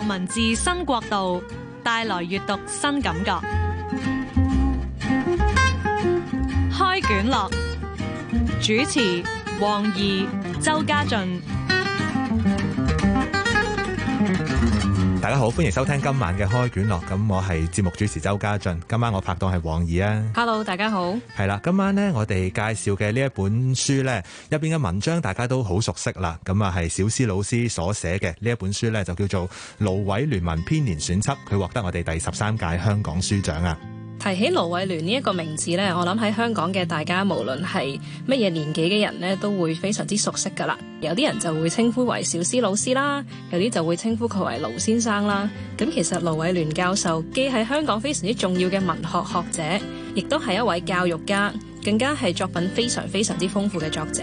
文字新國度，帶來閱讀新感覺。開卷樂，主持：黃怡、周家俊。大家好，歡迎收聽今晚嘅開卷樂。咁 我係節目主持周家俊，今晚我拍檔係王怡啊。Hello，大家好。係啦，今晚呢，我哋介紹嘅呢一本書呢，入邊嘅文章，大家都好熟悉啦。咁啊係小思老師所寫嘅呢一本書呢，就叫做《盧瑋鑾文編年選輯》，佢獲得我哋第十三屆香港書獎啊。提起盧瑋鑾呢一個名字咧，我諗喺香港嘅大家，無論係乜嘢年紀嘅人咧，都會非常之熟悉噶啦。有啲人就會稱呼為小思老師啦，有啲就會稱呼佢為盧先生啦。咁其實盧瑋鑾教授既係香港非常之重要嘅文學學者，亦都係一位教育家，更加係作品非常非常之豐富嘅作者。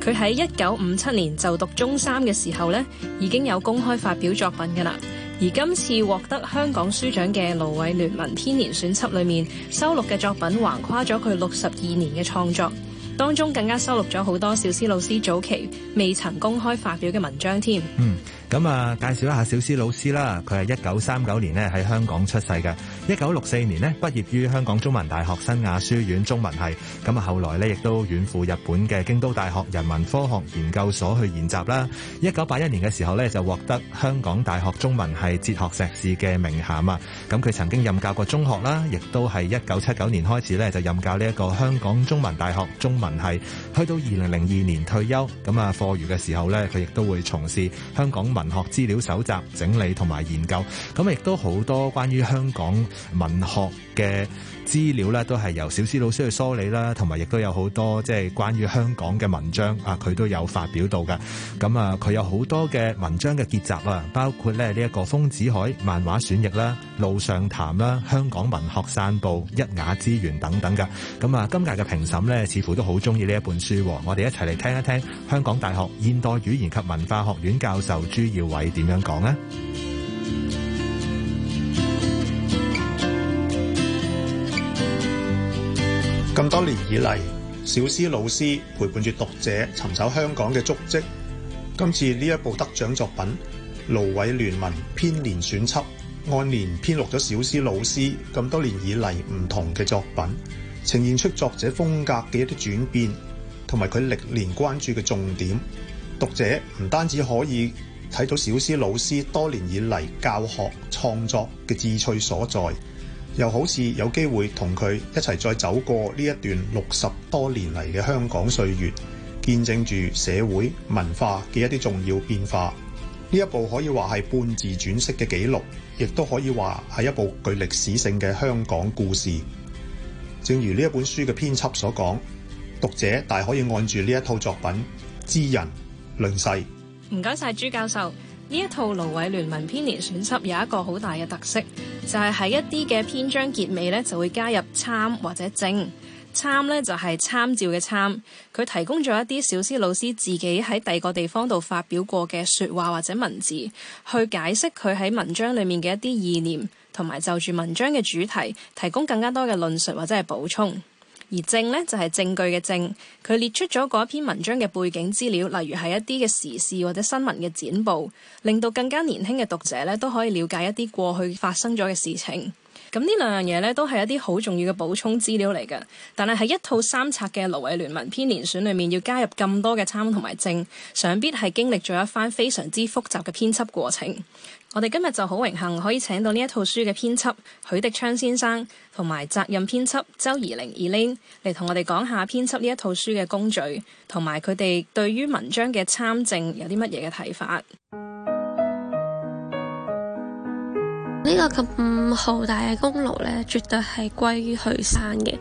佢喺一九五七年就讀中三嘅時候咧，已經有公開發表作品噶啦。而今次獲得香港書獎嘅《盧瑋鑾文編年選輯》裏面收錄嘅作品，橫跨咗佢六十二年嘅創作。當中更加收錄咗好多小思老師早期未曾公開發表嘅文章添。嗯，咁啊，介紹一下小思老師啦。佢係一九三九年咧喺香港出世嘅，一九六四年咧畢業於香港中文大學新亞書院中文系。咁啊，後來咧亦都遠赴日本嘅京都大學人文科學研究所去研習啦。一九八一年嘅時候呢就獲得香港大學中文系哲學碩士嘅名銜啊。咁佢曾經任教過中學啦，亦都係一九七九年開始呢就任教呢一個香港中文大學中文系，去到二零零二年退休。咁啊，課餘嘅時候咧，佢亦都會從事香港文學資料搜集、整理同埋研究。咁亦都好多關於香港文學嘅資料咧，都係由小思老師去梳理啦，同埋亦都有好多即係關於香港嘅文章啊，佢都有發表到嘅。咁啊，佢有好多嘅文章嘅結集啊，包括咧呢一個《豐子愷漫畫選譯》啦，《路上談》啦，《香港文學散步》、《一瓦之源》等等嘅。咁啊，今屆嘅評審咧，似乎都好中意呢一本書，我哋一齊嚟聽一聽香港大學現代語言及文化學院教授朱耀偉點樣講咧？咁多年以嚟，小詩老師陪伴住讀者尋找香港嘅足跡。今次呢一部得獎作品《盧瑋鑾文編年選輯》，按年編錄咗小詩老師咁多年以嚟唔同嘅作品。呈現出作者風格嘅一啲轉變，同埋佢歷年關注嘅重點。讀者唔單止可以睇到小思老師多年以嚟教學創作嘅志趣所在，又好似有機會同佢一齊再走過呢一段六十多年嚟嘅香港歲月，見證住社會文化嘅一啲重要變化。呢一部可以話係半自傳式嘅記錄，亦都可以話係一部具歷史性嘅香港故事。正如呢一本書嘅編輯所講，讀者大可以按住呢一套作品知人論世。唔該晒，朱教授，呢一套《盧瑋鑾文編年選輯》有一個好大嘅特色，就係、是、喺一啲嘅篇章結尾呢就會加入參或者證。參呢就係參照嘅參，佢提供咗一啲小思老師自己喺第二個地方度發表過嘅説話或者文字，去解釋佢喺文章裡面嘅一啲意念。同埋就住文章嘅主題提供更加多嘅論述或者係補充，而證咧就係證據嘅證，佢列出咗嗰一篇文章嘅背景資料，例如係一啲嘅時事或者新聞嘅剪報，令到更加年輕嘅讀者咧都可以了解一啲過去發生咗嘅事情。咁呢兩樣嘢咧都係一啲好重要嘅補充資料嚟嘅，但係喺一套三冊嘅盧瑋鑾文編年選輯裏面要加入咁多嘅參同埋證，想必係經歷咗一番非常之複雜嘅編輯過程。我哋今日就好榮幸可以請到呢一套書嘅編輯許迪鏘先生，同埋責任編輯周怡玲 Elaine 嚟同我哋講下編輯呢一套書嘅工序，同埋佢哋對於文章嘅參政有啲乜嘢嘅睇法。呢個咁浩大嘅功勞呢，絕對係歸於許生嘅。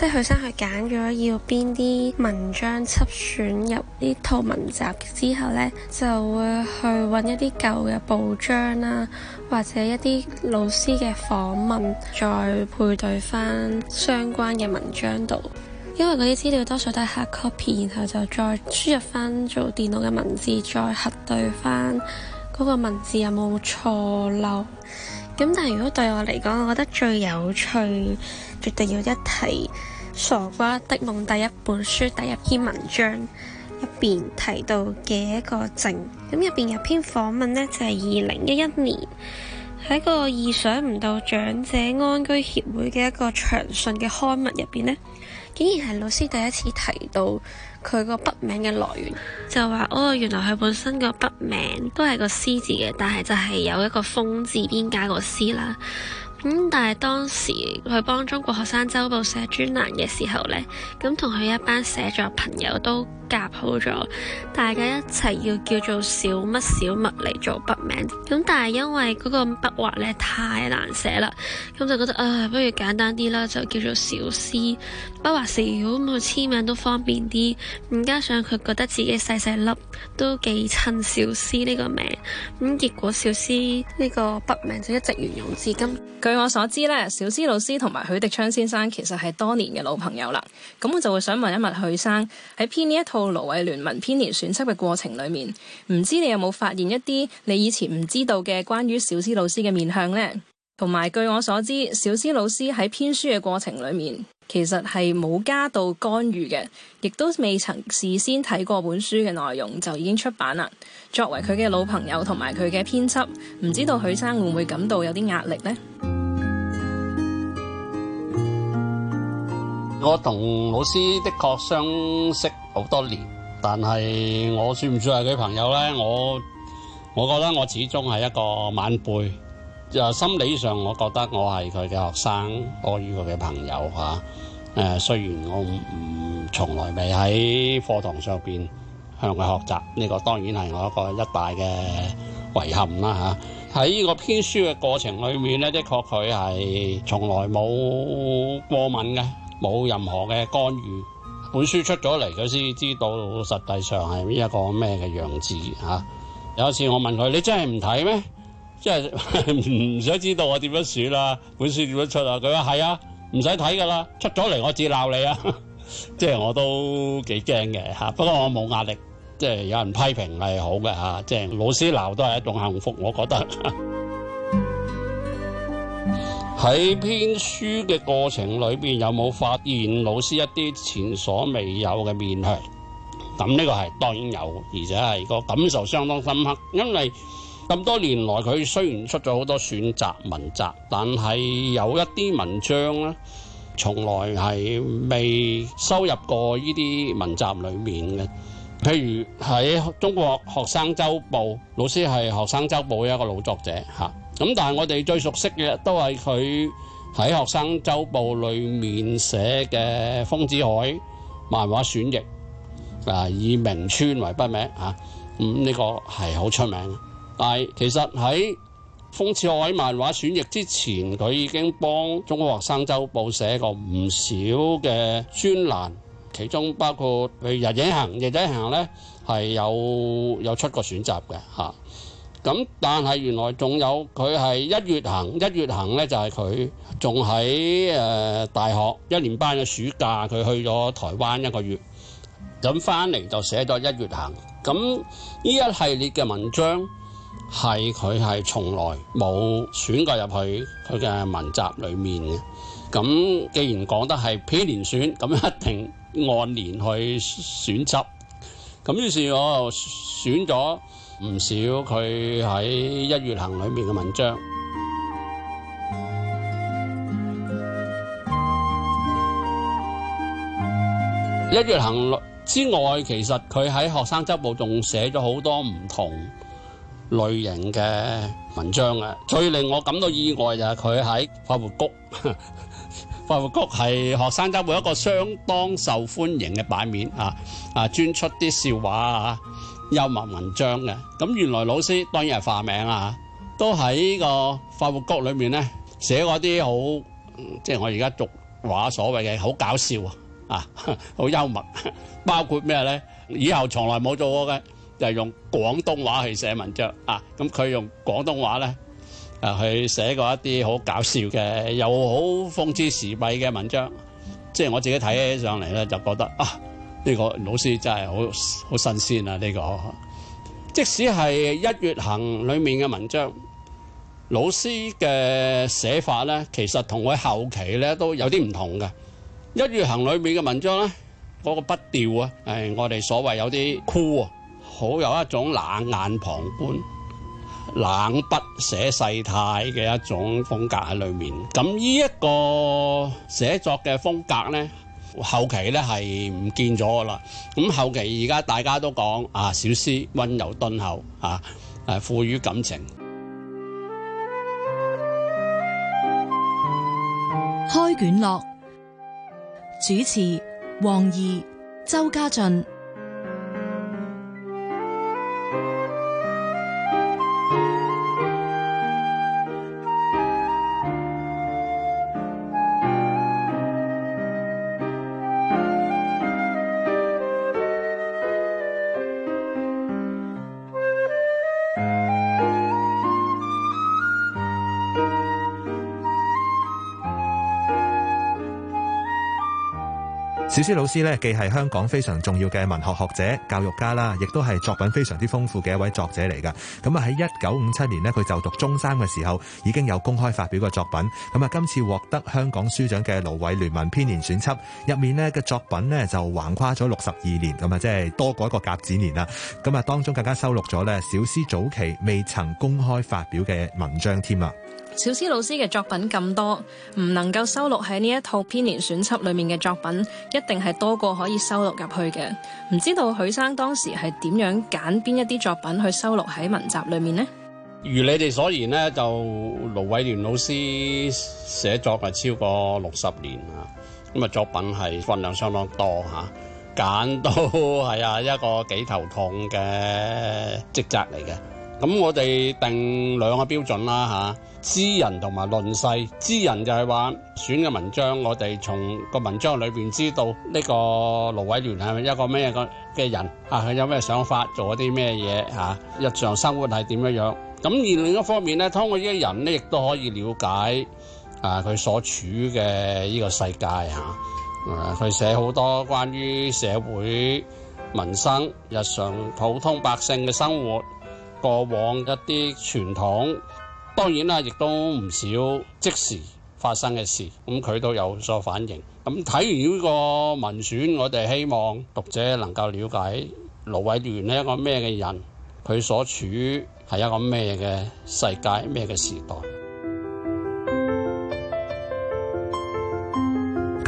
即係佢先去揀咗要邊啲文章輯選入呢套文集，之後呢就會去揾一啲舊嘅報章啦、啊，或者一啲老師嘅訪問，再配對翻相關嘅文章度。因為嗰啲資料多數都係 hard copy，然後就再輸入翻做電腦嘅文字，再核對翻嗰個文字有冇錯漏。咁但係如果對我嚟講，我覺得最有趣，絕對要一提《傻瓜的夢》第一本書，第一篇文章入邊提到嘅一個證。咁入邊有篇訪問呢，就係二零一一年喺個意想唔到長者安居協會嘅一個長信嘅刊物入邊呢，竟然係老師第一次提到。佢個筆名嘅來源就話哦，原來佢本身個筆名都係個詩字嘅，但係就係有一個風字邊加個詩啦。咁、嗯、但係當時佢幫中國學生周報寫專欄嘅時候呢，咁同佢一班寫作朋友都。夾好咗，大家一齊要叫做小乜小乜嚟做筆名，咁但係因為嗰個筆畫咧太難寫啦，咁就覺得啊不如簡單啲啦，就叫做小思，筆畫如果冇簽名都方便啲，唔加上佢覺得自己細細粒都幾襯小思呢個名，咁結果小思呢個筆名就一直沿用至今。據我所知呢，小思老師同埋許迪鏘先生其實係多年嘅老朋友啦，咁我就會想問一問許生，喺編呢一套。到盧瑋鑾文編年選輯嘅過程裏面，唔知你有冇發現一啲你以前唔知道嘅關於小思老師嘅面向呢？同埋，據我所知，小思老師喺編書嘅過程裏面，其實係冇加到干預嘅，亦都未曾事先睇過本書嘅內容就已經出版啦。作為佢嘅老朋友同埋佢嘅編輯，唔知道許生會唔會感到有啲壓力呢？我同老師的確相識好多年，但係我算唔算係佢朋友咧？我我覺得我始終係一個晚輩，就心理上我覺得我係佢嘅學生，多於佢嘅朋友吓。誒、啊呃，雖然我唔、嗯、從來未喺課堂上邊向佢學習，呢、這個當然係我一個一大嘅遺憾啦吓。喺呢個編書嘅過程裏面咧，的確佢係從來冇過問嘅。冇任何嘅干預，本書出咗嚟佢先知道實際上係一個咩嘅樣子嚇，啊。有一次我問佢：你真係唔睇咩？即係唔想知道我點樣選啦，本書點樣出啊？佢話：係啊，唔使睇噶啦，出咗嚟我至鬧你啊！ 即係我都幾驚嘅嚇，不過我冇壓力，即係有人批評係好嘅嚇，即係老師鬧都係一種幸福，我覺得。 喺編書嘅過程裏邊，有冇發現老師一啲前所未有嘅面向？咁、嗯、呢個係當然有，而且係個感受相當深刻。因為咁多年來，佢雖然出咗好多選擇文集，但係有一啲文章咧，從來係未收入過呢啲文集裏面嘅。譬如喺中國學生周報，老師係學生周報一個老作者吓。咁但係我哋最熟悉嘅都係佢喺學生周報裏面寫嘅《豐子愷》漫畫選譯，啊以明川為筆名吓，咁呢個係好出名。但係其實喺《豐子愷》漫畫選譯之前，佢已經幫中國學生周報寫過唔少嘅專欄，其中包括《佢日影行》、《日影行》咧，係有有出過選擇嘅吓。咁但係原來仲有佢係一月行，一月行呢就係佢仲喺誒大學一年班嘅暑假，佢去咗台灣一個月，咁翻嚟就寫咗一月行。咁呢一系列嘅文章係佢係從來冇選過入去佢嘅文集裏面嘅。咁既然講得係編年選，咁一定按年去選輯。咁於是我就選咗。唔少佢喺一月行裏面嘅文章，一月行之外，其實佢喺學生周報仲寫咗好多唔同類型嘅文章啊！最令我感到意外就係佢喺快活谷，快活谷係學生周報一個相當受歡迎嘅版面啊！啊，專出啲笑話啊！幽默文章嘅，咁原來老師當然係化名啦、啊，都喺個發掘局裏面咧寫嗰啲好，即係我而家俗話所謂嘅好搞笑啊，啊，好幽默，包括咩咧？以後從來冇做過嘅，就係、用廣東話去寫文章啊。咁佢用廣東話咧，啊去寫過一啲好搞笑嘅，又好諷刺時弊嘅文章，即係我自己睇起上嚟咧就覺得啊。呢個老師真係好好新鮮啊！呢個即使係《一月行》裏面嘅文章，老師嘅寫法咧，其實同佢後期咧都有啲唔同嘅。《一月行》裏面嘅文章咧，嗰個筆調啊，係我哋所謂有啲酷啊，好有一種冷眼旁觀、冷筆寫世態嘅一種風格喺裏面。咁呢一個寫作嘅風格咧。後期咧係唔見咗噶啦，咁後期而家，大家都講啊，小思温柔敦厚啊，誒，富於感情。開卷樂，主持黃怡、周家俊。小思老師咧，既係香港非常重要嘅文學學者、教育家啦，亦都係作品非常之豐富嘅一位作者嚟噶。咁啊喺一九五七年呢，佢就讀中三嘅時候，已經有公開發表過作品。咁啊，今次獲得香港書奬嘅《盧瑋鑾文編年選輯》入面呢嘅作品呢就橫跨咗六十二年，咁啊，即係多過一個甲子年啦。咁啊，當中更加收錄咗咧小思早期未曾公開發表嘅文章添啊。小思老師嘅作品咁多，唔能夠收錄喺呢一套編年選輯裏面嘅作品，一定係多過可以收錄入去嘅。唔知道許生當時係點樣揀邊一啲作品去收錄喺文集裏面呢？如你哋所言咧，就盧瑋鑾老師寫作係超過六十年啊，咁啊作品係份量相當多吓，揀都係啊一個幾頭痛嘅職責嚟嘅。咁我哋定兩個標準啦吓，知、啊、人同埋論世。知人就係話選嘅文章，我哋從個文章裏邊知道呢、這個盧瑋鑾係咪一個咩個嘅人啊？佢有咩想法，做一啲咩嘢吓？日常生活係點樣樣？咁而另一方面咧，通過呢個人咧，亦都可以了解啊，佢所處嘅呢個世界嚇。誒、啊，佢寫好多關於社會民生、日常普通百姓嘅生活、過往一啲傳統，當然啦，亦都唔少即時發生嘅事，咁、啊、佢都有所反應。咁、啊、睇完呢個文選，我哋希望讀者能夠了解盧瑋鑾咧個咩嘅人，佢所處，係一個咩嘅世界，咩嘅時代？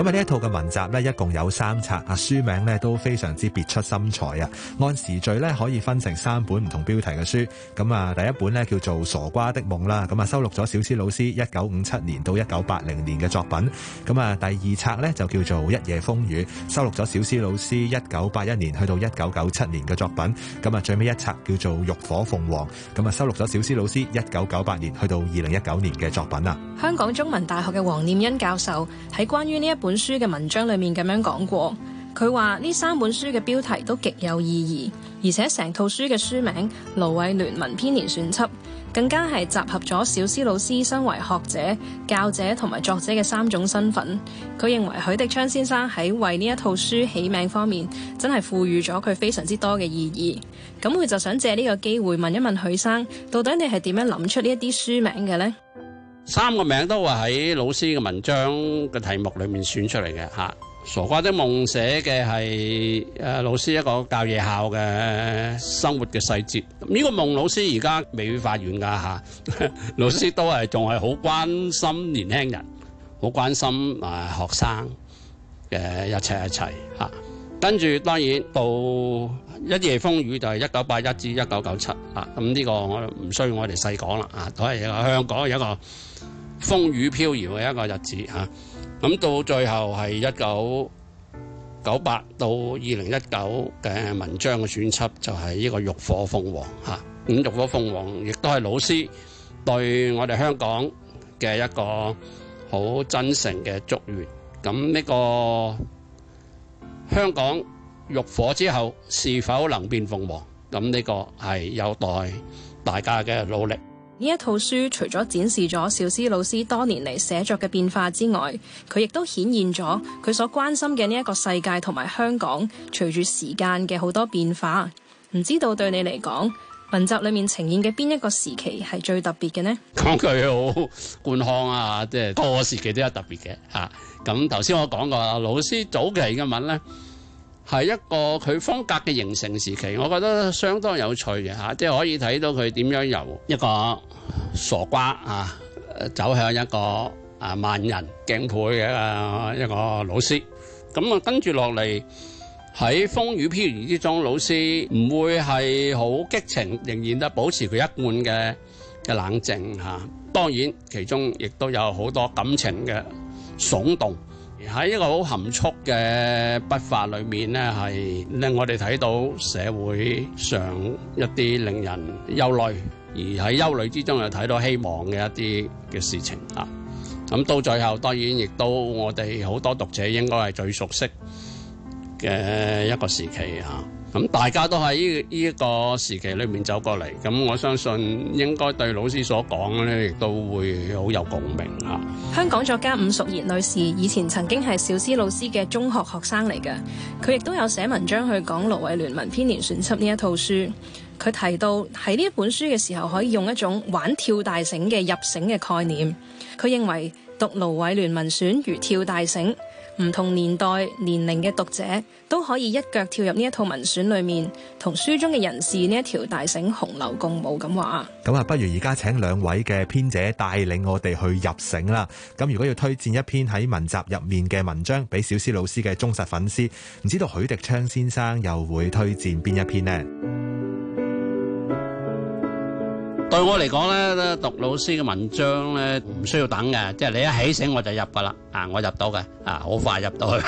咁啊，呢一套嘅文集咧，一共有三冊啊，書名咧都非常之別出心裁啊。按時序咧，可以分成三本唔同標題嘅書。咁啊，第一本咧叫做《傻瓜的夢》啦。咁啊，收錄咗小思老師一九五七年到一九八零年嘅作品。咁啊，第二冊咧就叫做《一夜風雨》，收錄咗小思老師一九八一年去到一九九七年嘅作品。咁啊，最尾一冊叫做《浴火鳳凰》，咁啊，收錄咗小思老師一九九八年去到二零一九年嘅作品啊。香港中文大學嘅黃念欣教授喺關於呢一本。本書嘅文章裏面咁樣講過，佢話呢三本書嘅標題都極有意義，而且成套書嘅書名《盧瑋鑾文編年選輯》，更加係集合咗小思老師身為學者、教者同埋作者嘅三種身份。佢認為許迪鏘先生喺為呢一套書起名方面，真係賦予咗佢非常之多嘅意義。咁佢就想借呢個機會問一問許生，到底你係點樣諗出呢一啲書名嘅咧？三個名都係喺老師嘅文章嘅題目裏面選出嚟嘅嚇，傻瓜的夢寫嘅係誒老師一個教夜校嘅生活嘅細節。呢、這個夢老師而家未會發完噶嚇，老師都係仲係好關心年輕人，好關心誒、啊、學生嘅一切一切嚇。啊跟住當然到一夜風雨就係一九八一至一九九七啊，咁、這、呢個我唔需要我哋細講啦啊，都係香港一個風雨飄搖嘅一個日子嚇。咁、啊啊、到最後係一九九八到二零一九嘅文章嘅選輯就係呢、這個浴火鳳凰嚇。咁浴、啊嗯、火鳳凰亦都係老師對我哋香港嘅一個好真誠嘅祝願。咁、啊、呢、這個。香港浴火之後是否能變鳳凰？咁呢個係有待大家嘅努力。呢一套書除咗展示咗小思老師多年嚟寫作嘅變化之外，佢亦都顯現咗佢所關心嘅呢一個世界同埋香港隨住時間嘅好多變化。唔知道對你嚟講，文集裏面呈現嘅邊一個時期係最特別嘅呢？講句好，官腔啊，即係各個時期都有特別嘅吓。咁頭先我講過，老師早期嘅文咧係一個佢風格嘅形成時期，我覺得相當有趣嘅吓，即係可以睇到佢點樣由一個傻瓜啊走向一個啊萬人敬佩嘅一個老師。咁啊，跟住落嚟。在風雨飄搖之中，老師不會係很激情，仍然保持他一貫的冷靜。當然，其中亦都有很多感情的聳動。在一個很含蓄的筆法裏面，是令我們看到社會上一些令人憂慮，而在憂慮之中又看到希望的一些嘅事情。到最後，當然亦都我們很多讀者應該是最熟悉嘅一個時期吓，咁、啊、大家都喺呢呢一個時期裏面走過嚟，咁、啊、我相信應該對老師所講咧，亦都會好有共鳴嚇。香港作家伍淑賢女士以前曾經係小思老師嘅中學學生嚟嘅，佢亦都有寫文章去講盧瑋鑾文編年選輯呢一套書，佢提到喺呢一本書嘅時候，可以用一種玩跳大繩嘅入繩嘅概念。佢認為讀盧瑋鑾文選如跳大繩。唔同年代、年齡嘅讀者都可以一腳跳入呢一套文選裏面，同書中嘅人士呢一條大繩，同流共舞咁話。咁啊，不如而家請兩位嘅編者帶領我哋去入繩啦。咁如果要推薦一篇喺文集入面嘅文章，俾小思老師嘅忠實粉絲，唔知道許迪鏘先生又會推薦邊一篇呢？對我嚟講咧，讀老師嘅文章咧，唔需要等嘅，即係你一起醒我就入噶啦，啊，我入到嘅，啊，好快入到去。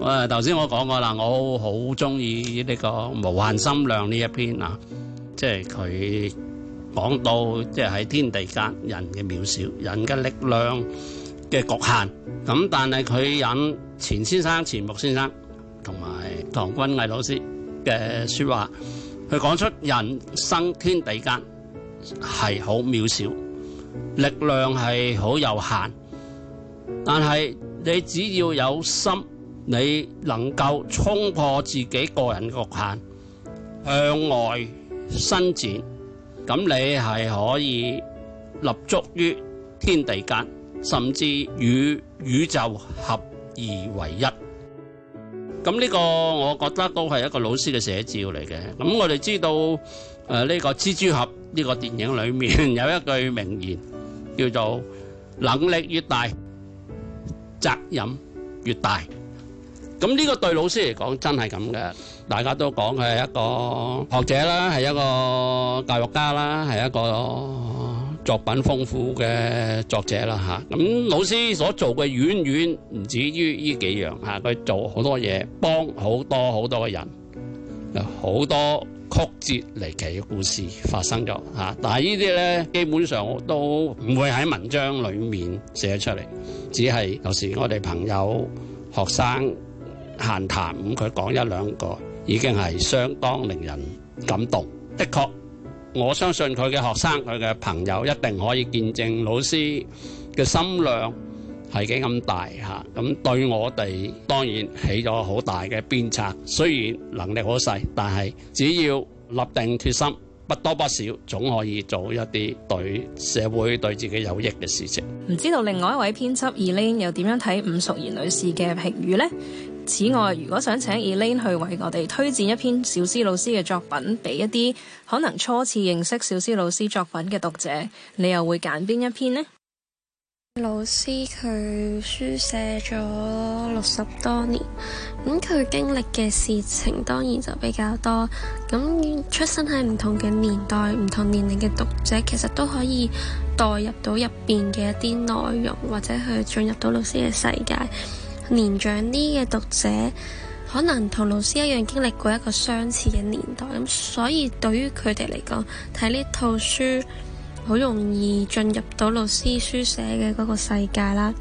哇，頭先我講過啦，我好中意呢個無限心量呢一篇啊，即係佢講到即係喺天地間人嘅渺小，人嘅力量嘅局限，咁但係佢引錢先生、錢穆先生同埋唐君毅老師嘅説話，佢講出人生天地間。係好渺小，力量係好有限，但係你只要有心，你能夠衝破自己個人局限，向外伸展，咁你係可以立足於天地間，甚至與宇宙合而為一。咁呢個我覺得都係一個老師嘅寫照嚟嘅。咁我哋知道。誒，呢個蜘蛛俠呢個電影裏面有一句名言，叫做能力越大，責任越大。咁呢個對老師嚟講真係咁嘅。大家都講佢係一個學者啦，係一個教育家啦，係一個作品豐富嘅作者啦吓。咁老師所做嘅遠遠唔止於呢幾樣吓，佢做好多嘢，幫好多好多嘅人，好多。曲折離奇嘅故事發生咗吓，但係呢啲咧基本上我都唔會喺文章裡面寫出嚟，只係有時我哋朋友、學生閒談咁，佢講一兩個已經係相當令人感動。的確，我相信佢嘅學生、佢嘅朋友一定可以見證老師嘅心量。係幾咁大嚇？咁對我哋當然起咗好大嘅鞭策。雖然能力好細，但係只要立定決心，不多不少，總可以做一啲對社會對自己有益嘅事情。唔知道另外一位編輯 Eileen 又點樣睇伍淑賢女士嘅評語呢？此外，如果想請 Eileen 去為我哋推薦一篇小思老師嘅作品俾一啲可能初次認識小思老師作品嘅讀者，你又會揀邊一篇呢？老師佢書寫咗六十多年，咁佢經歷嘅事情當然就比較多。咁出生喺唔同嘅年代，唔同年齡嘅讀者，其實都可以代入到入邊嘅一啲內容，或者去進入到老師嘅世界。年長啲嘅讀者，可能同老師一樣經歷過一個相似嘅年代，咁所以對於佢哋嚟講，睇呢套書，好容易進入到老師書寫嘅嗰個世界啦。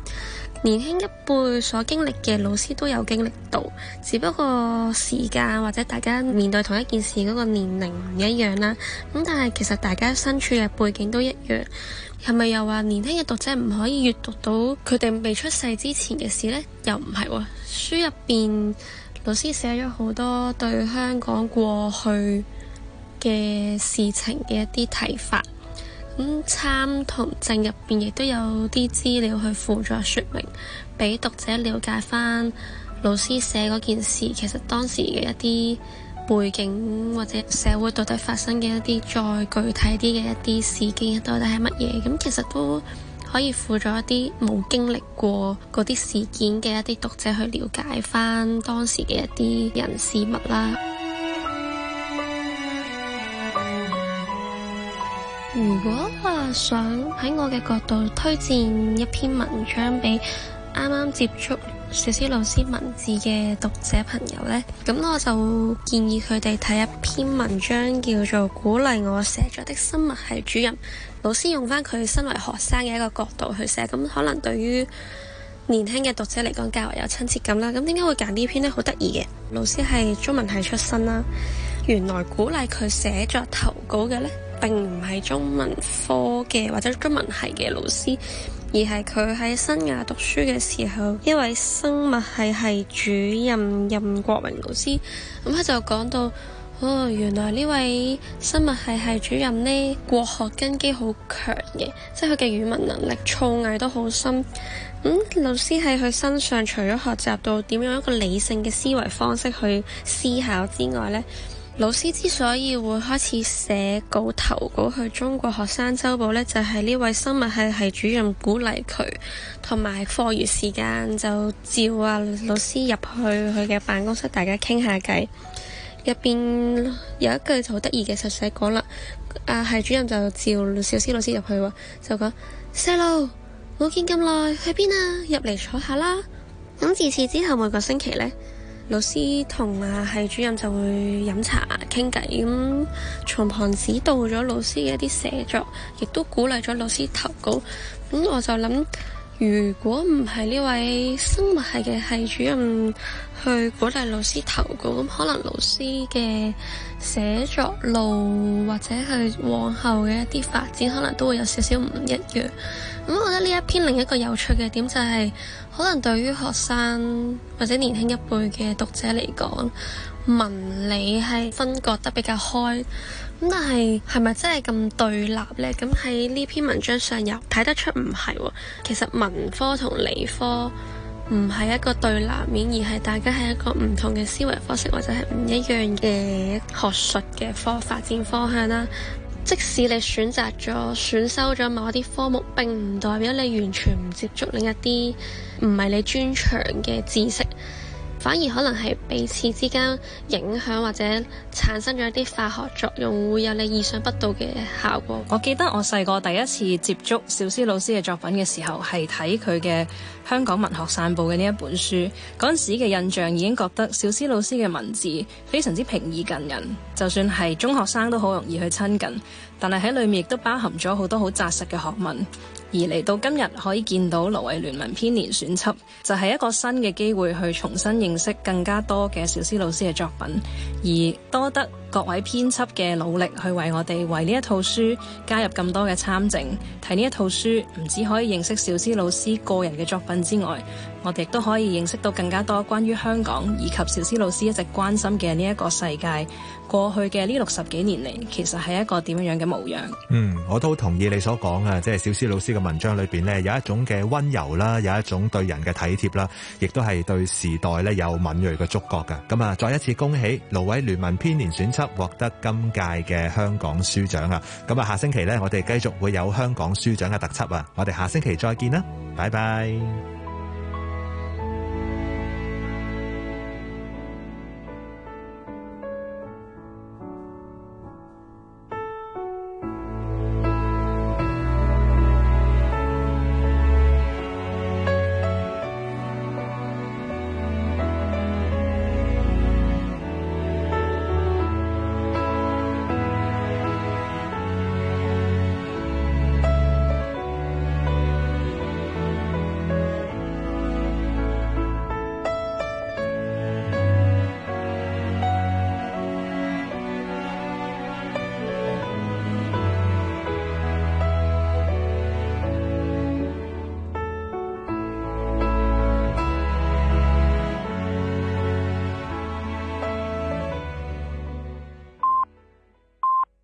年輕一輩所經歷嘅老師都有經歷到，只不過時間或者大家面對同一件事嗰個年齡唔一樣啦。咁但係其實大家身處嘅背景都一樣，係咪又話年輕嘅讀者唔可以閱讀到佢哋未出世之前嘅事咧？又唔係，啊，書入邊老師寫咗好多對香港過去嘅事情嘅一啲睇法。咁、嗯、參同證入邊亦都有啲資料去輔助說明，俾讀者了解翻老師寫嗰件事，其實當時嘅一啲背景或者社會到底發生嘅一啲再具體啲嘅一啲事件到底係乜嘢，咁、嗯、其實都可以輔助一啲冇經歷過嗰啲事件嘅一啲讀者去了解翻當時嘅一啲人事物啦。如果話想喺我嘅角度推薦一篇文章俾啱啱接觸小思老師文字嘅讀者朋友呢，咁我就建議佢哋睇一篇文章叫做《鼓勵我寫作的生物系主任》，老師用返佢身為學生嘅一個角度去寫，咁可能對於年輕嘅讀者嚟講較為有親切感啦。咁點解會揀呢篇呢？好得意嘅，老師係中文系出身啦，原來鼓勵佢寫作投稿嘅呢。並唔係中文科嘅或者中文系嘅老師，而係佢喺新亞讀書嘅時候，一位生物系系主任任國榮老師，咁、嗯、佢就講到，哦，原來呢位生物系系主任呢，國學根基好強嘅，即係佢嘅語文能力、造詣都好深。咁、嗯、老師喺佢身上，除咗學習到點樣一個理性嘅思維方式去思考之外呢。老師之所以會開始寫稿投稿去中國學生周報呢，就係呢位生物系系主任鼓勵佢，同埋課餘時間就召啊老師入去佢嘅辦公室，大家傾下偈。入邊有一句就好得意嘅，實實講啦。啊，系主任就召小思老師入去話，就講：細路， 冇見咁耐，去邊啊？入嚟坐下啦。咁自此之後，每個星期呢。老師同啊系主任就會飲茶傾偈，咁、嗯、從旁指導咗老師嘅一啲寫作，亦都鼓勵咗老師投稿。咁、嗯、我就諗，如果唔係呢位生物系嘅系主任去鼓勵老師投稿，咁、嗯、可能老師嘅寫作路或者係往後嘅一啲發展，可能都會有少少唔一樣。咁、嗯、我覺得呢一篇另一個有趣嘅點就係、係。可能對於學生或者年輕一輩嘅讀者嚟講，文理係分割得比較開咁，但係係咪真係咁對立呢？咁喺呢篇文章上又睇得出唔係哦。其實文科同理科唔係一個對立面，而係大家係一個唔同嘅思維方式，或者係唔一樣嘅學術嘅科發展方向啦。即使你選擇咗、選修咗某一啲科目，並唔代表你完全唔接觸另一啲唔係你專長嘅知識。反而可能係彼此之間影響，或者產生咗一啲化學作用，會有你意想不到嘅效果。我記得我細個第一次接觸小思老師嘅作品嘅時候，係睇佢嘅《香港文學散步》嘅呢一本書。嗰陣時嘅印象已經覺得小思老師嘅文字非常之平易近人，就算係中學生都好容易去親近。但係喺裏面亦都包含咗好多好紮實嘅學問。而嚟到今日可以見到《盧瑋鑾文編年選輯》就係一個新嘅機會去重新認識更加多嘅小思老師嘅作品，而多得各位編輯嘅努力去為我哋為呢一套書加入更多嘅參證。睇呢一套書唔止可以認識小思老師個人嘅作品之外，我哋亦都可以認識到更加多關於香港以及小思老師一直關心嘅呢一個世界過去嘅呢六十幾年嚟，其實係一個點樣樣嘅模樣。嗯，我都同意你所講啊，即係小思老師。嘅文章裏邊咧，有一種嘅溫柔啦，有一種對人嘅體貼啦，亦都係對時代咧有敏銳嘅觸覺噶。咁啊，再一次恭喜《盧瑋鑾文編年選輯》獲得今屆嘅香港書獎啊！咁啊，下星期咧，我哋繼續會有香港書獎嘅特輯啊！我哋下星期再見啦，拜拜。